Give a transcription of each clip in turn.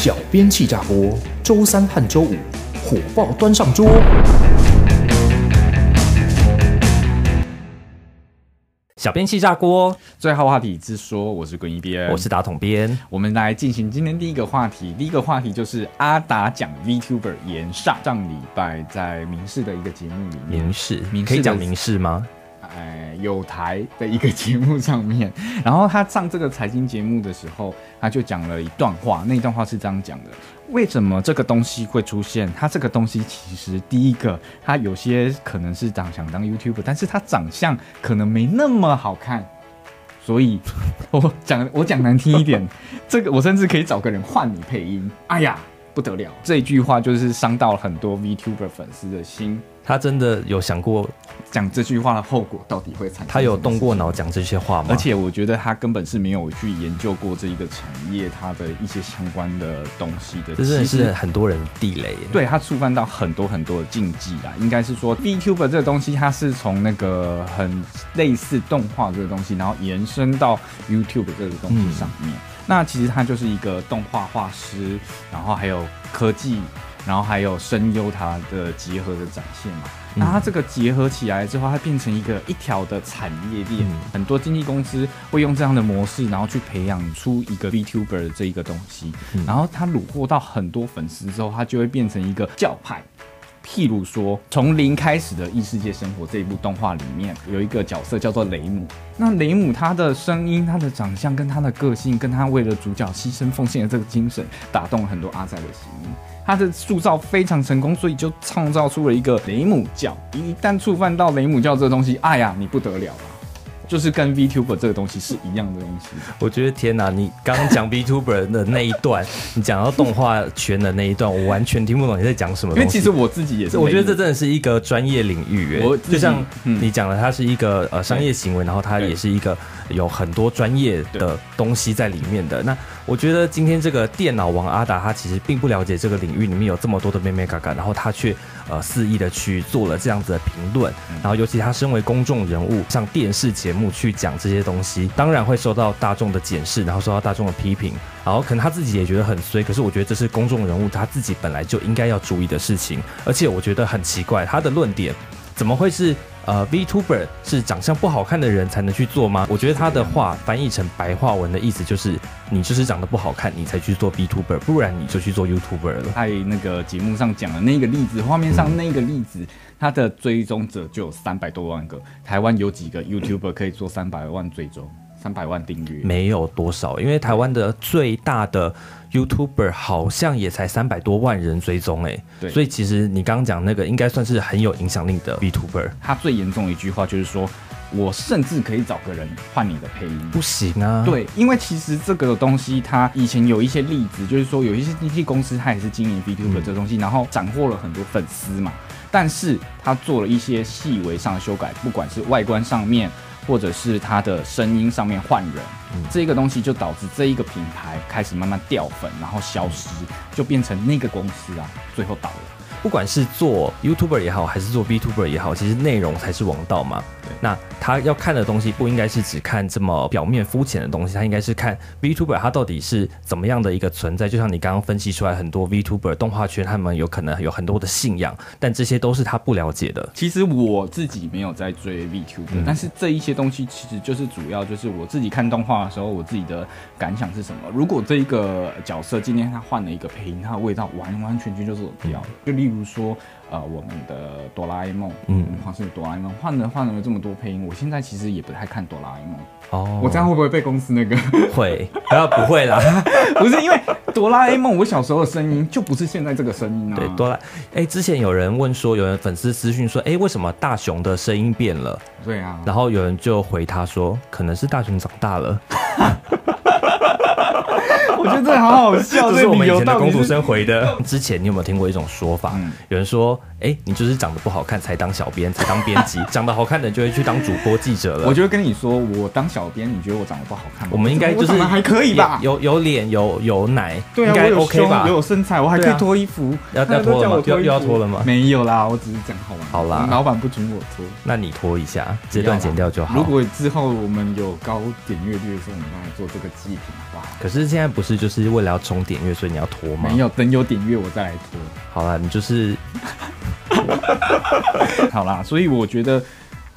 小編氣炸鍋，週三和週五火爆端上桌。小編氣炸鍋，最後話題之說，我是滾一編，我是打統編，我們來進行今天第一個話題。第一個話題就是阿達講 VTuber 炎上。上禮拜在民視的一個節目裡面，民視，民視的，可以講民視嗎？哎。有台的一個節目上面，然後他上這個財經節目的時候，他就講了一段話。那一段話是這樣講的：為什麼這個東西會出現？他這個東西其實第一個，他有些可能是想當 YouTuber，但是他長相可能沒那麼好看，所以我講我講難聽一點， 這個我甚至可以找個人換你配音。哎呀！不得了，這一句話就是傷到了很多 VTuber 粉絲的心。他真的有想過講這句話的後果到底會產生？他有動過腦講這些話嗎？而且我覺得他根本是沒有去研究過這一個產業，他的一些相關的東西的。這真的是很多人地雷，對，他觸犯到很多很多的禁忌啊。應該是說 VTuber 這個東西，它是從那個很類似動畫這個東西，然後延伸到 YouTube 這個東西上面。嗯那其實它，就是一個動畫畫師，然後還有科技，然後還有聲優，它的結合的展現嘛。嗯、那它這個結合起來之後，它變成一個一條的產業鏈。嗯、很多經紀公司會用這樣的模式，然後去培養出一個 VTuber 的這一個東西。嗯、然後它虜獲到很多粉絲之後，它就會變成一個教派。例如說，從零開始的異世界生活這一部動畫裡面，有一個角色叫做雷姆。那雷姆他的聲音、他的長相跟他的個性，跟他為了主角犧牲奉獻的這個精神，打動了很多阿宅的心意。他的塑造非常成功，所以就創造出了一個雷姆教。一旦觸犯到雷姆教這個東西，哎呀，你不得了！就是跟 Vtuber 這個東西是一樣的東西。 我覺得天哪，你剛剛講 Vtuber 的那一段， 你講到動畫圈的那一段， 我完全聽不懂你在講什麼。因為其實我自己也是，我覺得這真的是一個專業領域。我自就像你講的，它是一個呃商業行為，然後它也是一個有很多專業的東西在裡面的。對那我覺得今天這個電腦王阿達，他其實並不了解這個領域裡面有這麼多的妹妹嘎嘎，然後他卻，呃，肆意的去做了這樣子的評論，然後尤其他身為公眾人物，上電視節目去講這些東西，當然會受到大眾的檢視，然後受到大眾的批評，然後可能他自己也覺得很衰。可是我覺得這是公眾人物他自己本來就應該要注意的事情，而且我覺得很奇怪，他的論點怎麼會是呃，Vtuber 是長相不好看的人才能去做嗎？我覺得他的話翻譯成白話文的意思就是。你就是長得不好看，你才去做 Vtuber，不然你就去做 YouTuber 了。在那個節目上講的那個例子，畫面上那個例子，他、嗯、的追蹤者就有三百多萬個。台灣有幾個 YouTuber 可以做三百萬追蹤？三百萬訂閱？沒有多少，因為台灣的最大的 YouTuber 好像也才三百多萬人追蹤誒、欸。對，所以其實你剛剛講那個應該算是很有影響力的 Vtuber。他最嚴重的一句話就是說。我甚至可以找個人換你的配音，不行啊。對，因為其實這個東西它以前有一些例子，就是說有一些經紀公司它也是經營 VTuber 的這東西，嗯、然後斬獲了很多粉絲嘛。但是它做了一些細微上的修改，不管是外觀上面，或者是它的聲音上面換人，嗯、這個東西就導致這一個品牌開始慢慢掉粉，然後消失，嗯、就變成那個公司啊，最後倒了。不管是做 YouTuber 也好，還是做 Vtuber 也好，其實內容才是王道嘛。對那他要看的東西，不應該是只看這麼表面膚淺的東西，他應該是看 Vtuber 他到底是怎麼樣的一個存在。就像你剛剛分析出來，很多 Vtuber 動畫圈他們有可能有很多的信仰，但這些都是他不了解的。其實我自己沒有在追 Vtuber，、嗯、但是這一些東西其實就是主要就是我自己看動畫的時候，我自己的感想是什麼。如果這一個角色今天他換了一個配音，他的味道完完全全就是我不就例。嗯比如說，呃，我們的哆啦 A 夢，嗯，黃色的哆啦 A 夢換了換了這麼多配音，我現在其實也不太看哆啦 A 夢哦，我這樣會不會被公司那個？會、啊，不會啦， 不是因為哆啦 A 夢，我小時候的聲音就不是現在這個聲音啊。對，哆啦，哎、欸，之前有人問說，有人粉絲私信說，哎、欸，為什麼大雄的聲音變了？對啊，然後有人就回他說，可能是大雄長大了。 我覺得這好好笑， 這是我們以前的工讀生回的。之前你有沒有聽過一種說法？有人說：“哎、欸，你就是長得不好看才當小編，才當編輯； 長得好看的就會去當主播、記者了。” 我就會跟你說，我當小編，你覺得我長得不好看嗎？我們應該就是還可以吧？有有臉，有有，有，有奶，對啊、應該 OK 吧？有，有，有身材，我還可以脫衣服。要要脫嗎？又又要脫了嗎？ 了嗎 沒有啦，我只是講好玩。好啦，嗯、老闆不准我脫，那你脫一下，這段剪掉就好。如果之後我們有高點閱率的時候，你幫我做這個祭品的話，可是現在不是。這就是為了要衝點閱，所以你要拖嗎？沒有，等有點閱我再來拖。好啦，你就是 拖好啦，所以我覺得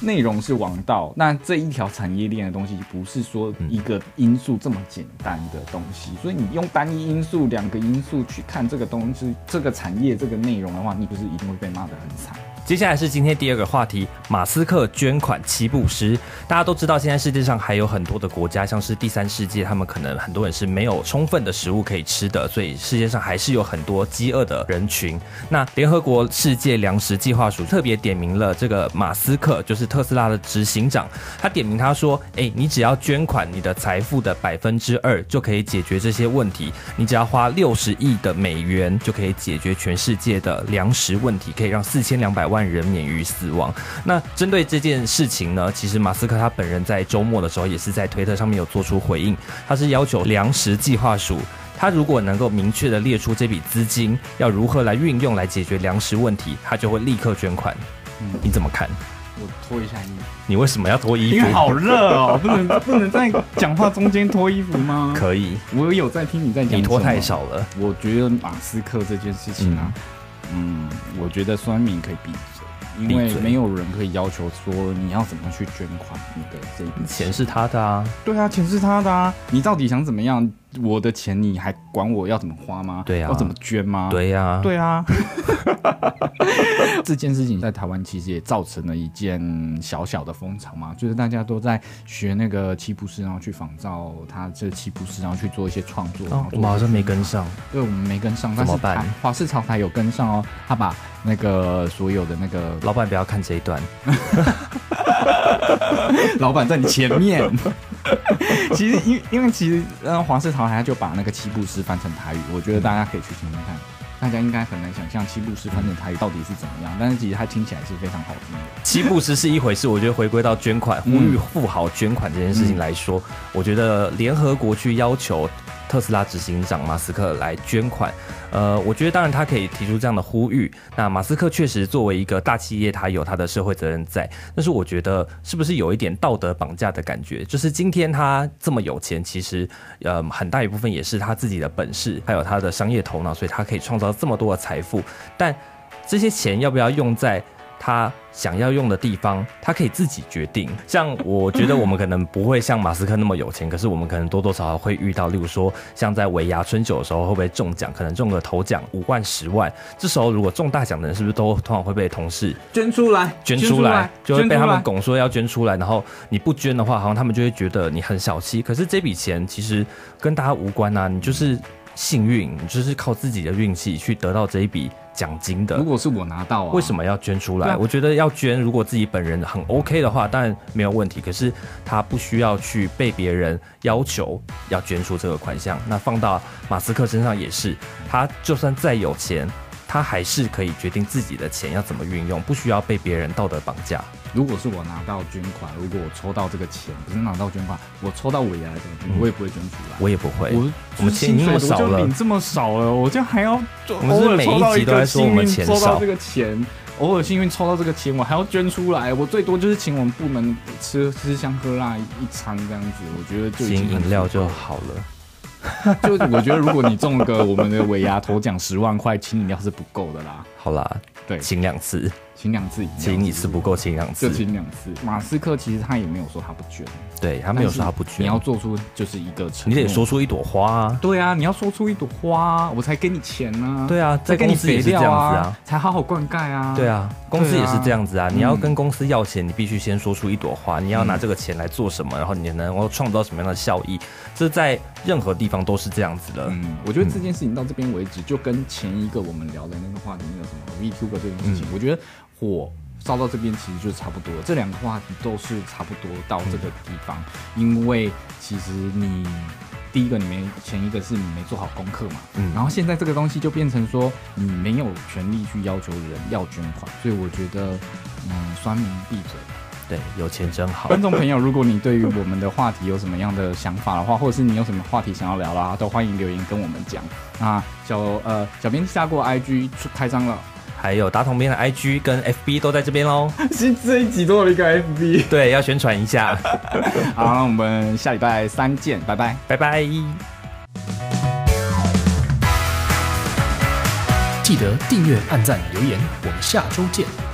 內容是王道。那這一條產業鏈的東西，不是說一個因素這麼簡單的東西，嗯、所以你用單一因素、兩個因素去看這個東西、這個產業、這個內容的話，你不是一定會被罵得很慘。接下來是今天第二個話題，馬斯克捐款七步詩。大家都知道，現在世界上還有很多的國家，像是第三世界，他們可能很多人是沒有充分的食物可以吃的，所以世界上還是有很多飢餓的人群。那聯合國世界糧食計劃署特別點名了這個馬斯克，就是特斯拉的執行長，他點名他說：“誒，你只要捐款你的財富的百分之二，就可以解決這些問題。你只要花六十億的美元，就可以解決全世界的糧食問題，可以讓四千兩百萬。”萬人免於死亡。那針對這件事情呢，其實馬斯克他本人在周末的時候也是在推特上面有做出回應，他是要求糧食計劃署。他如果能夠明確地列出這筆資金要如何來運用來解決糧食問題，他就會立刻捐款。嗯，你怎麼看？我脫一下衣。你為什麼要脫衣服？好熱哦， 不能不能在講話中間脫衣服嗎？可以。我有在聽你在講。你脫太少了。我覺得馬斯克這件事情啊。嗯嗯，我覺得酸民可以閉嘴，因為沒有人可以要求說你要怎麼去捐款。你的這一筆錢是他的啊，對啊，錢是他的啊，你到底想怎麼樣？我的錢你還管我要怎麼花嗎？對呀、啊，要怎麼捐嗎？對呀，對啊。這件事情在台灣其實也造成了一件小小的風潮嘛，就是大家都在學那個七步詩，然後去仿照他這七步詩，然後去做一些創作。哦、我好像沒跟上，對，我們沒跟上，怎麼辦？但是華視潮台有跟上哦，他把那個所有的那個老闆不要看這一段， 老闆在你前面。 其實因，因因為其實，呃，黃世朝他就把那個七步詩翻成台語，我覺得大家可以去聽聽看，大家應該很難想象七步詩翻成台語到底是怎麼樣，但是其實它聽起來是非常好聽的。七步詩是一回事，我覺得回歸到捐款， 呼籲富豪捐款這件事情來說， 我覺得聯合國去要求特斯拉執行長馬斯克來捐款，呃，我覺得當然他可以提出這樣的呼籲。那馬斯克確實作為一個大企業，他有他的社會責任在，但是我覺得是不是有一點道德綁架的感覺？就是今天他這麼有錢，其實，呃，很大一部分也是他自己的本事，還有他的商業頭腦，所以他可以創造這麼多的財富。但這些錢要不要用在，他想要用的地方，他可以自己決定。像我覺得我們可能不會像馬斯克那麼有錢， 可是我們可能多多少少會遇到。例如說，像在尾牙春酒的時候，會不會中獎？可能中個頭獎五萬、十萬。這時候如果中大獎的人，是不是都通常會被同事捐出來？捐出來，就會被他們拱，說要捐出來。然後你不捐的話，好像他們就會覺得你很小氣。可是這筆錢其實跟大家無關啊，你就是。幸運就是靠自己的運氣去得到這一筆獎金的。如果是我拿到啊，為什麼要捐出來？啊，我覺得要捐，如果自己本人很 OK 的話，當然沒有問題。可是他不需要去被別人要求要捐出這個款項。那放到馬斯克身上也是，他就算再有錢，他還是可以決定自己的錢要怎麼運用，不需要被別人道德綁架。如果是我拿到捐款，如果我抽到這個錢，不是拿到捐款，我抽到尾牙，我也不會捐出來。我也不會，我我們錢這麼少了，這麼少了，我就還要。我們是每一集都在說我們錢抽到這個錢，偶爾幸運抽到這個錢，哨我還要捐出來。我最多就是請我們部能吃吃香喝辣一,一餐這樣子，我覺得就請飲料就好了。 就我覺得，如果你中了個我們的尾牙頭獎十萬塊，請飲料是不夠的啦。好啦，對，請兩次。請兩次，請你吃不夠，請兩次就請兩次。馬斯克其實他也沒有說他不捐，對，他沒有說他不捐。你要做出就是一個成，你得說出一朵花、啊。對啊，你要說出一朵花、啊，我才給你錢啊。對啊，在公司也是這樣子啊，才好好灌溉啊。對啊，公司也是這樣子啊。嗯、你要跟公司要錢，你必須先說出一朵花。你要拿這個錢來做什麼？然後你能夠創造什麼樣的效益？這在任何地方都是這樣子的。嗯，嗯我覺得這件事情到這邊為止，就跟前一個我們聊的那個話題，那個什麼 VTuber 這件事情，嗯、我覺得。火燒到這邊其實就差不多了，這兩個話題都是差不多到這個地方，嗯、因為其實你第一個你沒前一個是你沒做好功課嘛，嗯、然後現在這個東西就變成說你沒有權利去要求人要捐款，所以我覺得嗯酸民閉嘴對，有錢真好。觀眾朋友，如果你對於我們的話題有什麼樣的想法的話，或者是你有什麼話題想要聊啦，都歡迎留言跟我們講。啊小呃小編下過 IG 開張了。還有打統編的 IG 跟 FB 都在這邊嘍，是這一集多了一個 FB，對，要宣傳一下。 好，我們下禮拜三見，拜拜，拜拜。記得訂閱、按讚、留言，我們下周見。